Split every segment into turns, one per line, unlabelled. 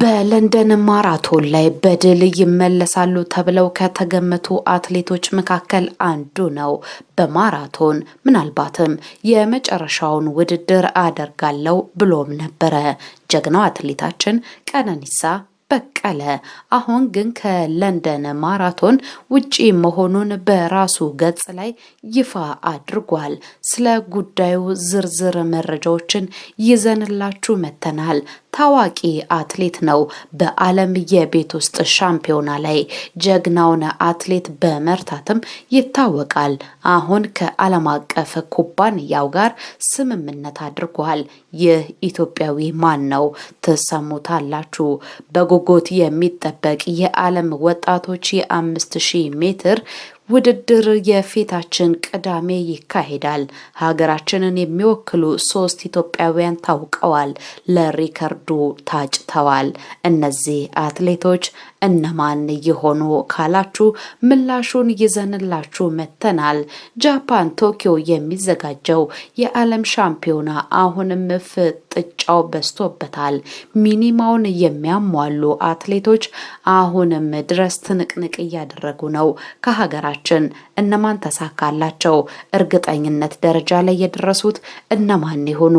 በለንደን ማራቶን ላይ በድል ይመለሳሉ ተብለው ከተገመቱ አትሌቶች መካከል አንዱ ነው። በማራቶን ምናልባትም የመጨረሻውን ውድድር አደርጋለሁ ብሎም ነበረ ጀግናው አትሌታችን ቀነኒሳ በቀለ አሁን ግን ከለንደን ማራቶን ውጪ መሆኑን በራሱ ገጽ ላይ ይፋ አድርጓል። ስለ ጉዳዩ ዝርዝር መረጃዎችን ይዘንላችሁ መተናል። ታዋቂ አትሌት ነው። በዓለም የቤት ውስጥ ሻምፒዮና ላይ ጀግናውን አትሌት በመርታትም ይታወቃል። አሁን ከዓለም አቀፍ ኩባንያው ጋር ስምምነት አድርጓል። ይህ ኢትዮጵያዊ ማን ነው? ትሰሙታላችሁ። በጉጉት የሚጠበቅ የዓለም ወጣቶች የአምስት ሺህ ሜትር ውድድር የፊታችን ቅዳሜ ይካሄዳል። ሀገራችንን የሚወክሉ ሶስት ኢትዮጵያውያን ታውቀዋል፣ ለሪከርዱ ታጭተዋል። እነዚህ አትሌቶች እነማን የሆኑ ካላችሁ ምላሹን ይዘንላችሁ መተናል። ጃፓን ቶኪዮ የሚዘጋጀው የዓለም ሻምፒዮና አሁንም ፍጥጫው በዝቶበታል። ሚኒማውን የሚያሟሉ አትሌቶች አሁንም ድረስ ትንቅንቅ እያደረጉ ነው ከሀገራችን እነማን ተሳካላቸው? እርግጠኝነት ደረጃ ላይ የደረሱት እነማን ይሆኑ?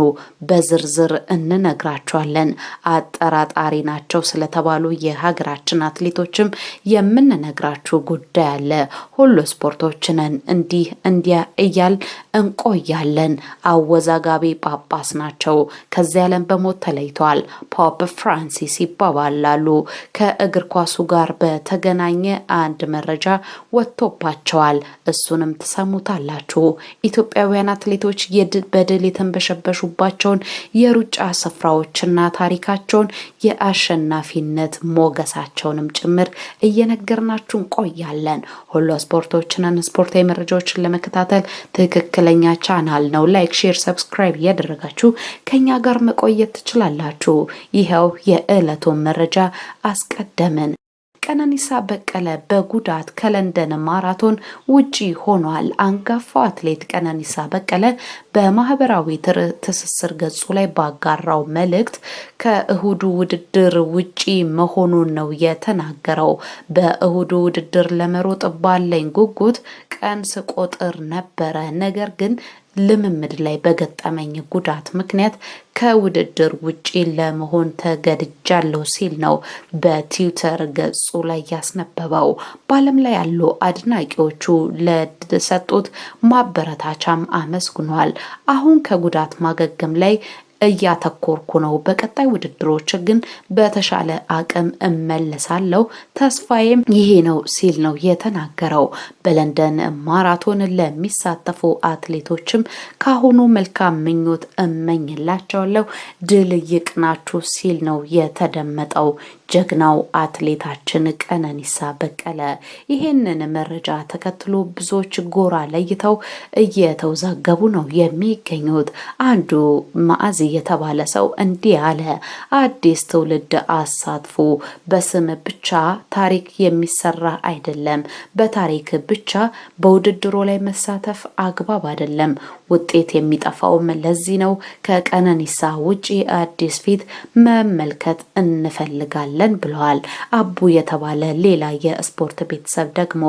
በዝርዝር እንነግራቸዋለን። አጠራጣሪ ናቸው ስለተባሉ የሀገራችን አትሌቶችም የምንነግራችሁ ጉዳይ አለ። ሁሉ ስፖርቶችንን እንዲህ እንዲያ እያል እንቆያለን። አወዛጋቢ ጳጳስ ናቸው። ከዚህ ዓለም በሞት ተለይተዋል። ፖፕ ፍራንሲስ ይባባላሉ። ከእግር ኳሱ ጋር በተገናኘ አንድ መረጃ ወጥቶባቸዋል። እሱንም ትሰሙታላችሁ። ኢትዮጵያውያን አትሌቶች በድል የተንበሸበሹባቸውን የሩጫ ስፍራዎችና ታሪካቸውን የአሸናፊነት ሞገሳቸውንም ጭምር እየነገርናችሁ እንቆያለን። ሁሉ ስፖርቶችንን ስፖርታዊ መረጃዎችን ለመከታተል ትክክለኛ ቻናል ነው። ላይክ፣ ሼር፣ ሰብስክራይብ እያደረጋችሁ ከኛ ጋር መቆየት ትችላላችሁ። ይኸው የዕለቱን መረጃ አስቀደምን። ቀነኒሳ በቀለ በጉዳት ከለንደን ማራቶን ውጪ ሆኗል። አንጋፋው አትሌት ቀነኒሳ በቀለ በማህበራዊ ትስስር ገጹ ላይ ባጋራው መልእክት ከእሁዱ ውድድር ውጪ መሆኑን ነው የተናገረው። በእሁዱ ውድድር ለመሮጥ ባለኝ ጉጉት ቀን ስቆጥር ነበረ፣ ነገር ግን ልምምድ ላይ በገጠመኝ ጉዳት ምክንያት ከውድድር ውጪ ለመሆን ተገድጃለሁ ሲል ነው በትዊተር ገጹ ላይ ያስነበበው። በዓለም ላይ ያሉ አድናቂዎቹ ለሰጡት ማበረታቻም አመስግኗል። አሁን ከጉዳት ማገገም ላይ እያተኮርኩ ነው። በቀጣይ ውድድሮች ግን በተሻለ አቅም እመለሳለሁ፣ ተስፋዬም ይሄ ነው ሲል ነው የተናገረው። በለንደን ማራቶን ለሚሳተፉ አትሌቶችም ካሁኑ መልካም ምኞት እመኝላቸዋለሁ፣ ድል ይቅናችሁ ሲል ነው የተደመጠው። ጀግናው አትሌታችን ቀነኒሳ በቀለ። ይህንን መረጃ ተከትሎ ብዙዎች ጎራ ለይተው እየተወዛገቡ ነው የሚገኙት። አንዱ ማዕዚ የተባለ ሰው እንዲህ አለ። አዲስ ትውልድ አሳትፎ በስም ብቻ ታሪክ የሚሰራ አይደለም። በታሪክ ብቻ በውድድሮ ላይ መሳተፍ አግባብ አይደለም። ውጤት የሚጠፋውም ለዚህ ነው። ከቀነኒሳ ውጪ አዲስ ፊት መመልከት እንፈልጋለን እናያለን ብለዋል። አቡ የተባለ ሌላ የስፖርት ቤተሰብ ደግሞ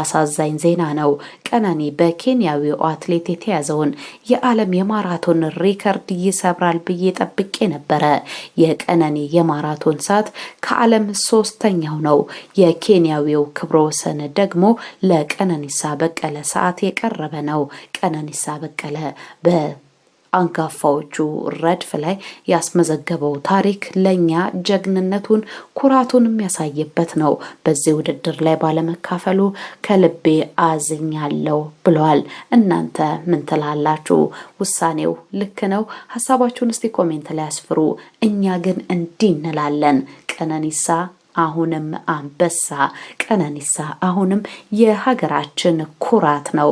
አሳዛኝ ዜና ነው። ቀነኒ በኬንያዊው አትሌት የተያዘውን የዓለም የማራቶን ሪከርድ ይሰብራል ብዬ ጠብቄ ነበረ። የቀነኒ የማራቶን ሰዓት ከዓለም ሶስተኛው ነው። የኬንያዊው ክብረ ወሰን ደግሞ ለቀነኒሳ በቀለ ሰዓት የቀረበ ነው። ቀነኒሳ በቀለ በ አንጋፋዎቹ ረድፍ ላይ ያስመዘገበው ታሪክ ለእኛ ጀግንነቱን ኩራቱን የሚያሳይበት ነው። በዚህ ውድድር ላይ ባለመካፈሉ ከልቤ አዝኛለሁ ብለዋል። እናንተ ምን ትላላችሁ? ውሳኔው ልክ ነው? ሀሳባችሁን እስቲ ኮሜንት ላይ አስፍሩ። እኛ ግን እንዲህ እንላለን ቀነኒሳ አሁንም አንበሳ ቀነኒሳ አሁንም የሀገራችን ኩራት ነው።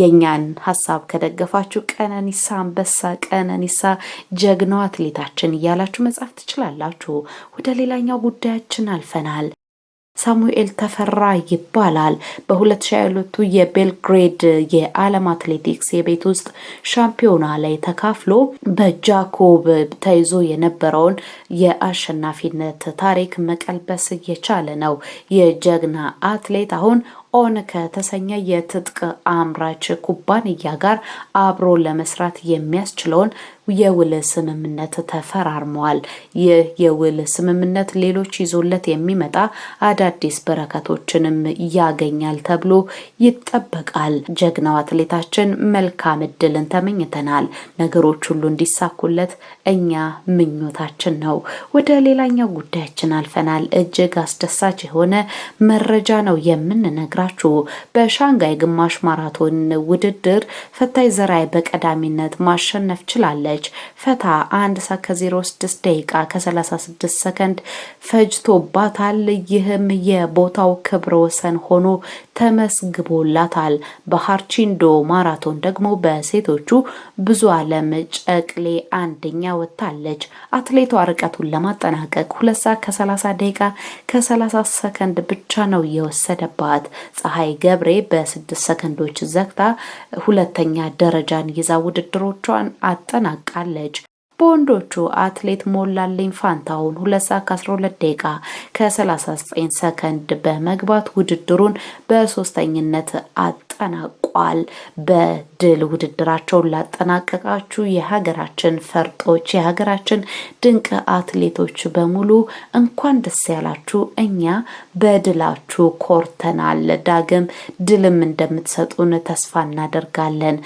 የእኛን ሀሳብ ከደገፋችሁ ቀነኒሳ አንበሳ፣ ቀነኒሳ ጀግናው አትሌታችን እያላችሁ መጻፍ ትችላላችሁ። ወደ ሌላኛው ጉዳያችን አልፈናል። ሳሙኤል ተፈራ ይባላል። በ2022 የቤልግሬድ የዓለም አትሌቲክስ የቤት ውስጥ ሻምፒዮና ላይ ተካፍሎ በጃኮብ ተይዞ የነበረውን የአሸናፊነት ታሪክ መቀልበስ እየቻለ ነው። የጀግና አትሌት አሁን ኦን ከተሰኘ የትጥቅ አምራች ኩባንያ ጋር አብሮ ለመስራት የሚያስችለውን የውል ስምምነት ተፈራርመዋል። ይህ የውል ስምምነት ሌሎች ይዞለት የሚመጣ አዳዲስ በረከቶችንም ያገኛል ተብሎ ይጠበቃል። ጀግናው አትሌታችን መልካም እድልን ተመኝተናል። ነገሮች ሁሉ እንዲሳኩለት እኛ ምኞታችን ነው። ወደ ሌላኛው ጉዳያችን አልፈናል። እጅግ አስደሳች የሆነ መረጃ ነው የምንነግራችሁ። በሻንጋይ ግማሽ ማራቶን ውድድር ፈታይ ዘራይ በቀዳሚነት ማሸነፍ ችላለች። ትገኛለች። ፈታ አንድ ሰዓት ከ06 ደቂቃ ከ36 ሰከንድ ፈጅቶባታል። ይህም የቦታው ክብረ ወሰን ሆኖ ተመስግቦላታል። በሃርቺንዶ ማራቶን ደግሞ በሴቶቹ ብዙ አለም ጨቅሌ አንደኛ ወጥታለች። አትሌቷ ርቀቱን ለማጠናቀቅ ሁለት ሰዓት ከ30 ደቂቃ ከ30 ሰከንድ ብቻ ነው የወሰደባት። ፀሐይ ገብሬ በስድስት ሰከንዶች ዘግታ ሁለተኛ ደረጃን ይዛ ውድድሮቿን አጠናቃለች። በወንዶቹ አትሌት ሞላልኝ ፋንታሁን ሁለት ሰዓት 12 ደቂቃ ከ39 ሰከንድ በመግባት ውድድሩን በሶስተኝነት ተጠናቋል። በድል ውድድራቸውን ላጠናቀቃችሁ የሀገራችን ፈርጦች፣ የሀገራችን ድንቅ አትሌቶች በሙሉ እንኳን ደስ ያላችሁ። እኛ በድላችሁ ኮርተናል። ዳግም ድልም እንደምትሰጡን ተስፋ እናደርጋለን።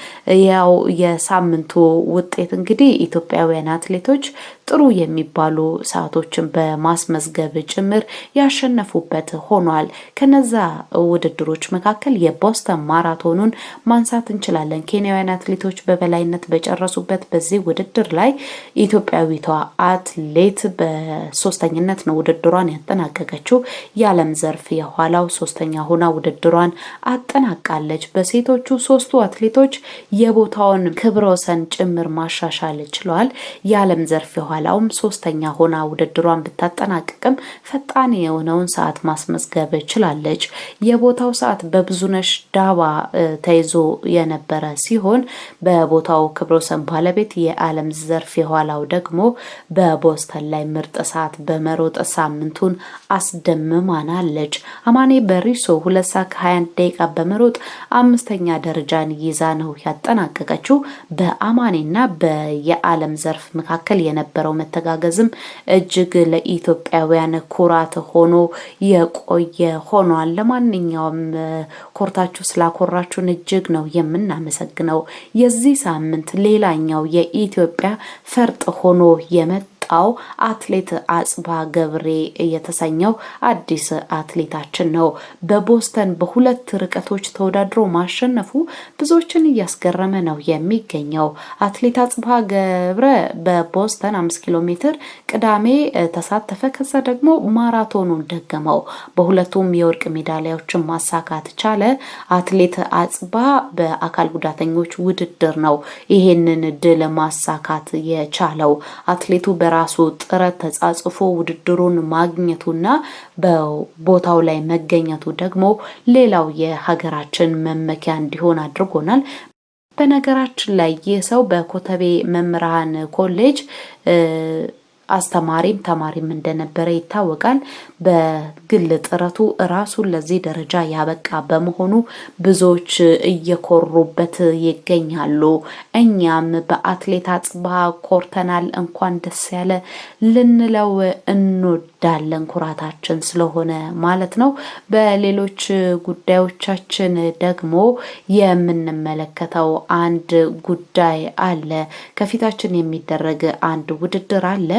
ያው የሳምንቱ ውጤት እንግዲህ ኢትዮጵያውያን አትሌቶች ጥሩ የሚባሉ ሰዓቶችን በማስመዝገብ ጭምር ያሸነፉበት ሆኗል። ከነዛ ውድድሮች መካከል የቦስተን ማራቶኑን ማንሳት እንችላለን። ኬንያውያን አትሌቶች በበላይነት በጨረሱበት በዚህ ውድድር ላይ ኢትዮጵያዊቷ አትሌት በሶስተኝነት ነው ውድድሯን ያጠናቀቀችው። የዓለም ዘርፍ የኋላው ሶስተኛ ሆና ውድድሯን አጠናቃለች። በሴቶቹ ሶስቱ አትሌቶች የቦታውን ክብረ ወሰን ጭምር ማሻሻል ችለዋል። የዓለም ዘርፍ የኋላ በኋላውም ሶስተኛ ሆና ውድድሯን ብታጠናቅቅም ፈጣን የሆነውን ሰዓት ማስመዝገብ ችላለች። የቦታው ሰዓት በብዙነሽ ዳባ ተይዞ የነበረ ሲሆን በቦታው ክብረ ወሰን ባለቤት የዓለም ዘርፍ የኋላው ደግሞ በቦስተን ላይ ምርጥ ሰዓት በመሮጥ ሳምንቱን አስደምማናለች። አማኔ በሪሶ ሁለት ሰዓት ከ21 ደቂቃ በመሮጥ አምስተኛ ደረጃን ይዛ ነው ያጠናቀቀችው። በአማኔና በየዓለም ዘርፍ መካከል የነበረው የነበረው መተጋገዝም እጅግ ለኢትዮጵያውያን ኩራት ሆኖ የቆየ ሆኗል። ለማንኛውም ኮርታችሁ ስላኮራችሁን እጅግ ነው የምናመሰግነው። የዚህ ሳምንት ሌላኛው የኢትዮጵያ ፈርጥ ሆኖ የመጣ የመጣው አትሌት አጽባ ገብሬ የተሰኘው አዲስ አትሌታችን ነው። በቦስተን በሁለት ርቀቶች ተወዳድሮ ማሸነፉ ብዙዎችን እያስገረመ ነው የሚገኘው። አትሌት አጽባ ገብረ በቦስተን አምስት ኪሎ ሜትር ቅዳሜ ተሳተፈ። ከዛ ደግሞ ማራቶኑን ደገመው። በሁለቱም የወርቅ ሜዳሊያዎችን ማሳካት ቻለ። አትሌት አጽባ በአካል ጉዳተኞች ውድድር ነው ይሄንን ድል ማሳካት የቻለው አትሌቱ በራ በራሱ ጥረት ተጻጽፎ ውድድሩን ማግኘቱና በቦታው ላይ መገኘቱ ደግሞ ሌላው የሀገራችን መመኪያ እንዲሆን አድርጎናል። በነገራችን ላይ ይህ ሰው በኮተቤ መምህራን ኮሌጅ አስተማሪም ተማሪም እንደነበረ ይታወቃል። በግል ጥረቱ ራሱን ለዚህ ደረጃ ያበቃ በመሆኑ ብዙዎች እየኮሩበት ይገኛሉ። እኛም በአትሌት አጽብሃ ኮርተናል። እንኳን ደስ ያለ ልንለው እንወዳለን፣ ኩራታችን ስለሆነ ማለት ነው። በሌሎች ጉዳዮቻችን ደግሞ የምንመለከተው አንድ ጉዳይ አለ። ከፊታችን የሚደረግ አንድ ውድድር አለ።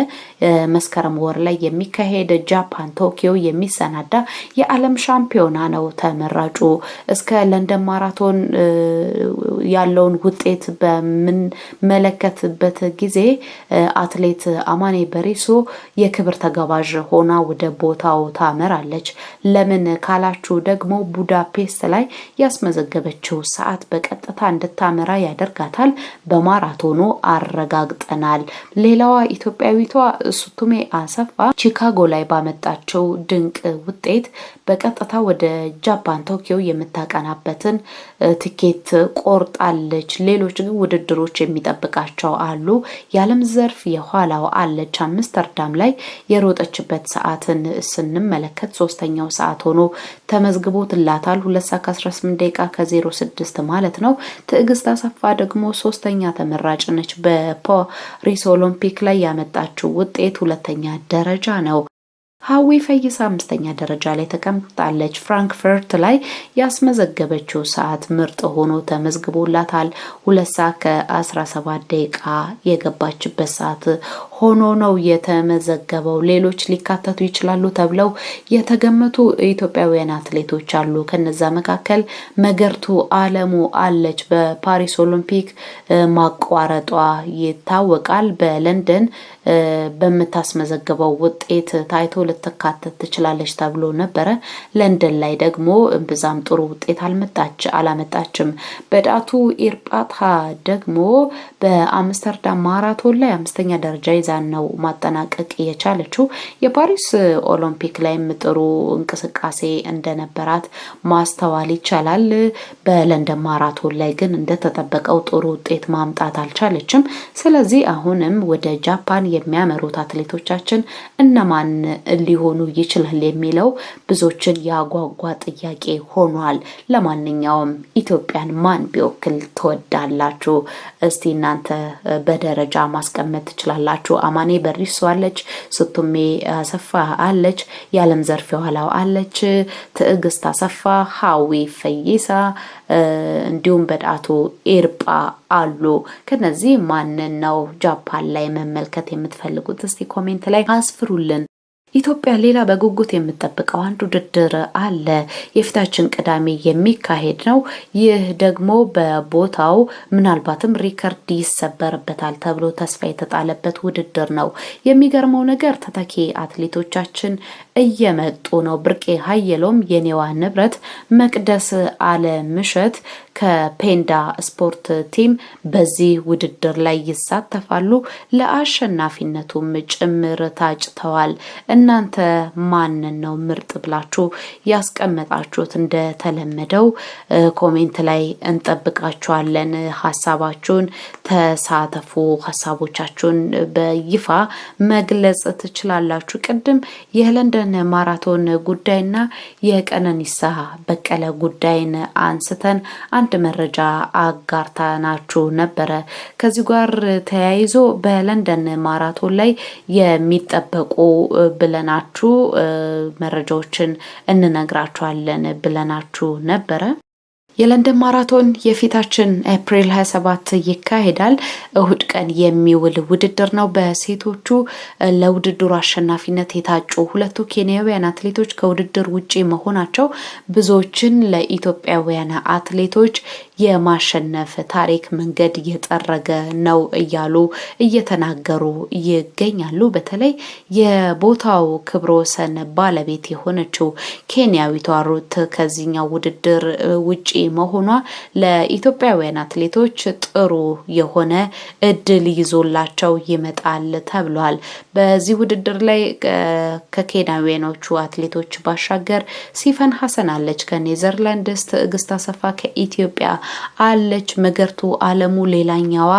መስከረም ወር ላይ የሚካሄድ ጃፓን ቶኪዮ የሚሰናዳ የዓለም ሻምፒዮና ነው። ተመራጩ እስከ ለንደን ማራቶን ያለውን ውጤት በምንመለከትበት ጊዜ አትሌት አማኔ በሪሶ የክብር ተጋባዥ ሆና ወደ ቦታው ታመራለች። ለምን ካላችሁ ደግሞ ቡዳፔስት ላይ ያስመዘገበችው ሰዓት በቀጥታ እንድታመራ ያደርጋታል። በማራቶኑ አረጋግጠናል። ሌላዋ ኢትዮጵያዊቷ ሱቱሜ አሰፋ ቺካጎ ላይ ባመጣቸው ድንቅ ውጤት በቀጥታ ወደ ጃፓን ቶኪዮ የምታቀናበትን ትኬት ቆርጣለች። ሌሎች ግን ውድድሮች የሚጠብቃቸው አሉ። የዓለም ዘርፍ የኋላው አለች። አምስተርዳም ላይ የሮጠችበት ሰዓትን ስንመለከት ሶስተኛው ሰዓት ሆኖ ተመዝግቦ ትላታል። ሁለት ሰዓት ከ18 ደቂቃ ማለት ነው። ትዕግስት አሰፋ ደግሞ ሶስተኛ ተመራጭ ነች። በፓሪስ ኦሎምፒክ ላይ ያመጣችው ውጤት ሁለተኛ ደረጃ ነው። ሀዊ ፈይሳ አምስተኛ ደረጃ ላይ ተቀምጣለች። ፍራንክፈርት ላይ ያስመዘገበችው ሰዓት ምርጥ ሆኖ ተመዝግቦላታል። ሁለት ሰዓት ከ17 ደቂቃ የገባችበት ሰዓት ሆኖ ነው የተመዘገበው። ሌሎች ሊካተቱ ይችላሉ ተብለው የተገመቱ ኢትዮጵያውያን አትሌቶች አሉ። ከነዛ መካከል መገርቱ አለሙ አለች። በፓሪስ ኦሎምፒክ ማቋረጧ ይታወቃል። በለንደን በምታስመዘግበው ውጤት ታይቶ ልትካተት ትችላለች ተብሎ ነበረ። ለንደን ላይ ደግሞ እምብዛም ጥሩ ውጤት አልመጣች አላመጣችም። በዳቱ ኢርጳታ ደግሞ በአምስተርዳም ማራቶን ላይ አምስተኛ ደረጃ ይዛ ይዛን ነው ማጠናቀቅ የቻለችው። የፓሪስ ኦሎምፒክ ላይም ጥሩ እንቅስቃሴ እንደነበራት ማስተዋል ይቻላል። በለንደን ማራቶን ላይ ግን እንደተጠበቀው ጥሩ ውጤት ማምጣት አልቻለችም። ስለዚህ አሁንም ወደ ጃፓን የሚያመሩት አትሌቶቻችን እነማን ሊሆኑ ይችላል የሚለው ብዙዎችን ያጓጓ ጥያቄ ሆኗል። ለማንኛውም ኢትዮጵያን ማን ቢወክል ትወዳላችሁ? እስቲ እናንተ በደረጃ ማስቀመጥ ትችላላችሁ። አማኔ በሪሶ አለች፣ ስቱሜ አሰፋ አለች፣ የዓለም ዘርፍ የኋላው አለች፣ ትዕግስት አሰፋ፣ ሀዊ ፈይሳ እንዲሁም በዳአቶ ኤርጳ አሉ። ከነዚህ ማንን ነው ጃፓን ላይ መመልከት የምትፈልጉት? እስቲ ኮሜንት ላይ አስፍሩልን። ኢትዮጵያ ሌላ በጉጉት የምጠብቀው አንድ ውድድር አለ። የፊታችን ቅዳሜ የሚካሄድ ነው። ይህ ደግሞ በቦታው ምናልባትም ሪከርድ ይሰበርበታል ተብሎ ተስፋ የተጣለበት ውድድር ነው። የሚገርመው ነገር ተተኪ አትሌቶቻችን እየመጡ ነው። ብርቄ ሀየሎም የኔዋ ንብረት መቅደስ አለ ምሸት ከፔንዳ ስፖርት ቲም በዚህ ውድድር ላይ ይሳተፋሉ። ለአሸናፊነቱም ጭምር ታጭተዋል። እናንተ ማንን ነው ምርጥ ብላችሁ ያስቀመጣችሁት? እንደተለመደው ኮሜንት ላይ እንጠብቃችኋለን። ሀሳባችሁን ተሳተፉ። ሀሳቦቻችሁን በይፋ መግለጽ ትችላላችሁ። ቅድም የለንደን የቀን ማራቶን ጉዳይና የቀነኒሳ በቀለ ጉዳይን አንስተን አንድ መረጃ ናችሁ ነበረ። ከዚህ ጋር ተያይዞ በለንደን ማራቶን ላይ የሚጠበቁ ብለናችሁ መረጃዎችን እንነግራችኋለን ብለናችሁ ነበረ። የለንደን ማራቶን የፊታችን ኤፕሪል 27 ይካሄዳል። እሁድ ቀን የሚውል ውድድር ነው። በሴቶቹ ለውድድሩ አሸናፊነት የታጩ ሁለቱ ኬንያውያን አትሌቶች ከውድድር ውጪ መሆናቸው ብዙዎችን ለኢትዮጵያውያን አትሌቶች የማሸነፍ ታሪክ መንገድ እየጠረገ ነው እያሉ እየተናገሩ ይገኛሉ። በተለይ የቦታው ክብረ ወሰን ባለቤት የሆነችው ኬንያዊቷ ሩት ከዚህኛው ውድድር ውጪ መሆኗ ለኢትዮጵያውያን አትሌቶች ጥሩ የሆነ እድል ይዞላቸው ይመጣል ተብሏል። በዚህ ውድድር ላይ ከኬንያውያኖቹ አትሌቶች ባሻገር ሲፈን ሀሰን አለች ከኔዘርላንድስ፣ ትዕግስት አሰፋ ከኢትዮጵያ አለች። መገርቱ አለሙ ሌላኛዋ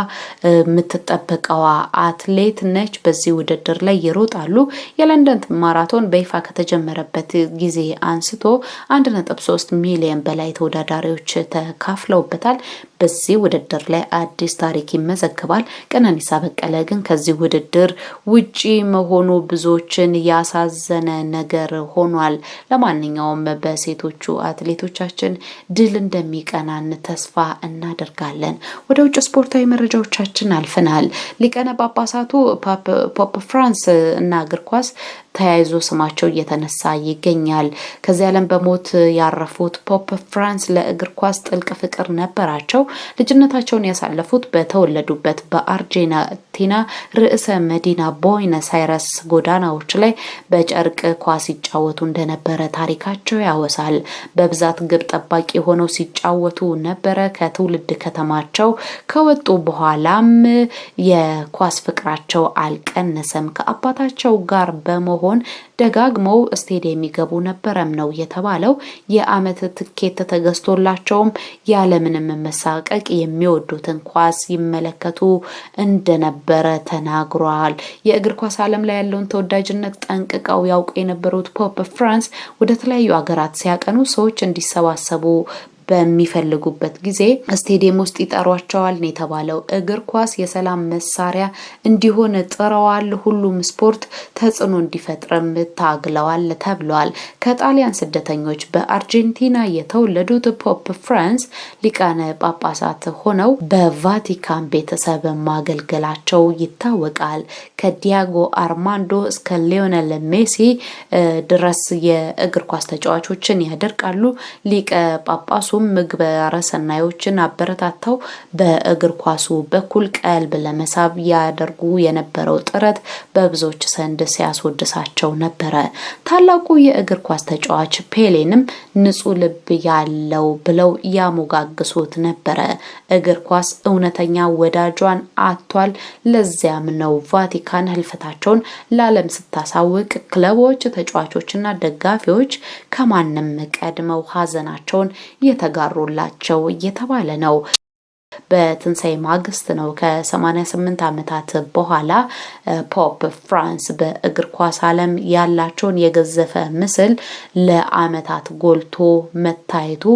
የምትጠበቀዋ አትሌት ነች። በዚህ ውድድር ላይ ይሮጣሉ። የለንደን ማራቶን በይፋ ከተጀመረበት ጊዜ አንስቶ 1.3 ሚሊዮን በላይ ተወዳዳሪዎች ተካፍለውበታል። በዚህ ውድድር ላይ አዲስ ታሪክ ይመዘግባል። ቀነኒሳ በቀለ ግን ከዚህ ውድድር ውጪ መሆኑ ብዙዎችን ያሳዘነ ነገር ሆኗል። ለማንኛውም በሴቶቹ አትሌቶቻችን ድል እንደሚቀናን ተስፋ እናደርጋለን። ወደ ውጭ ስፖርታዊ መረጃዎቻችን አልፈናል። ሊቀነ ጳጳሳቱ ፖፕ ፍራንስ እና እግር ኳስ ተያይዞ ስማቸው እየተነሳ ይገኛል። ከዚህ ዓለም በሞት ያረፉት ፖፕ ፍራንስ ለእግር ኳስ ጥልቅ ፍቅር ነበራቸው። ልጅነታቸውን ያሳለፉት በተወለዱበት በአርጄና አርጀንቲና ርዕሰ መዲና ቦይነስ አይረስ ጎዳናዎች ላይ በጨርቅ ኳስ ሲጫወቱ እንደነበረ ታሪካቸው ያወሳል። በብዛት ግብ ጠባቂ ሆነው ሲጫወቱ ነበረ። ከትውልድ ከተማቸው ከወጡ በኋላም የኳስ ፍቅራቸው አልቀነሰም። ከአባታቸው ጋር በመሆን ደጋግመው ስቴዲየም የሚገቡ ነበረም ነው የተባለው። የአመት ትኬት ተገዝቶላቸውም ያለምንም መሳቀቅ የሚወዱትን ኳስ ይመለከቱ እንደነበር እንደነበረ ተናግሯል። የእግር ኳስ ዓለም ላይ ያለውን ተወዳጅነት ጠንቅቀው ያውቁ የነበሩት ፖፕ ፍራንስ ወደ ተለያዩ ሀገራት ሲያቀኑ ሰዎች እንዲሰባሰቡ በሚፈልጉበት ጊዜ ስቴዲየም ውስጥ ይጠሯቸዋል ነው የተባለው። እግር ኳስ የሰላም መሳሪያ እንዲሆን ጥረዋል። ሁሉም ስፖርት ተጽዕኖ እንዲፈጥርም ታግለዋል ተብለዋል። ከጣሊያን ስደተኞች በአርጀንቲና የተወለዱት ፖፕ ፍራንስ ሊቃነ ጳጳሳት ሆነው በቫቲካን ቤተሰብ ማገልገላቸው ይታወቃል። ከዲያጎ አርማንዶ እስከ ሊዮነል ሜሲ ድረስ የእግር ኳስ ተጫዋቾችን ያደርቃሉ። ሊቀ ጳጳሱ እንዲሁም ምግበረ ሰናዮችን አበረታተው በእግር ኳሱ በኩል ቀልብ ለመሳብ ያደርጉ የነበረው ጥረት በብዙዎች ዘንድ ሲያስወድሳቸው ነበረ። ታላቁ የእግር ኳስ ተጫዋች ፔሌንም ንጹሕ ልብ ያለው ብለው ያሞጋግሱት ነበረ። እግር ኳስ እውነተኛ ወዳጇን አጥቷል። ለዚያም ነው ቫቲካን ህልፈታቸውን ለዓለም ስታሳውቅ ክለቦች፣ ተጫዋቾችና ደጋፊዎች ከማንም ቀድመው ሀዘናቸውን የተ ተጋሮላቸው እየተባለ ነው። በትንሣኤ ማግስት ነው ከ88 ዓመታት በኋላ ፖፕ ፍራንስ በእግር ኳስ ዓለም ያላቸውን የገዘፈ ምስል ለዓመታት ጎልቶ መታየቱ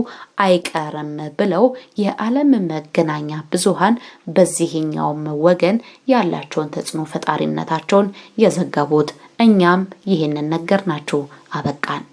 አይቀርም ብለው የዓለም መገናኛ ብዙሃን በዚህኛውም ወገን ያላቸውን ተጽዕኖ ፈጣሪነታቸውን የዘገቡት እኛም ይህንን ነገር ናችሁ አበቃን።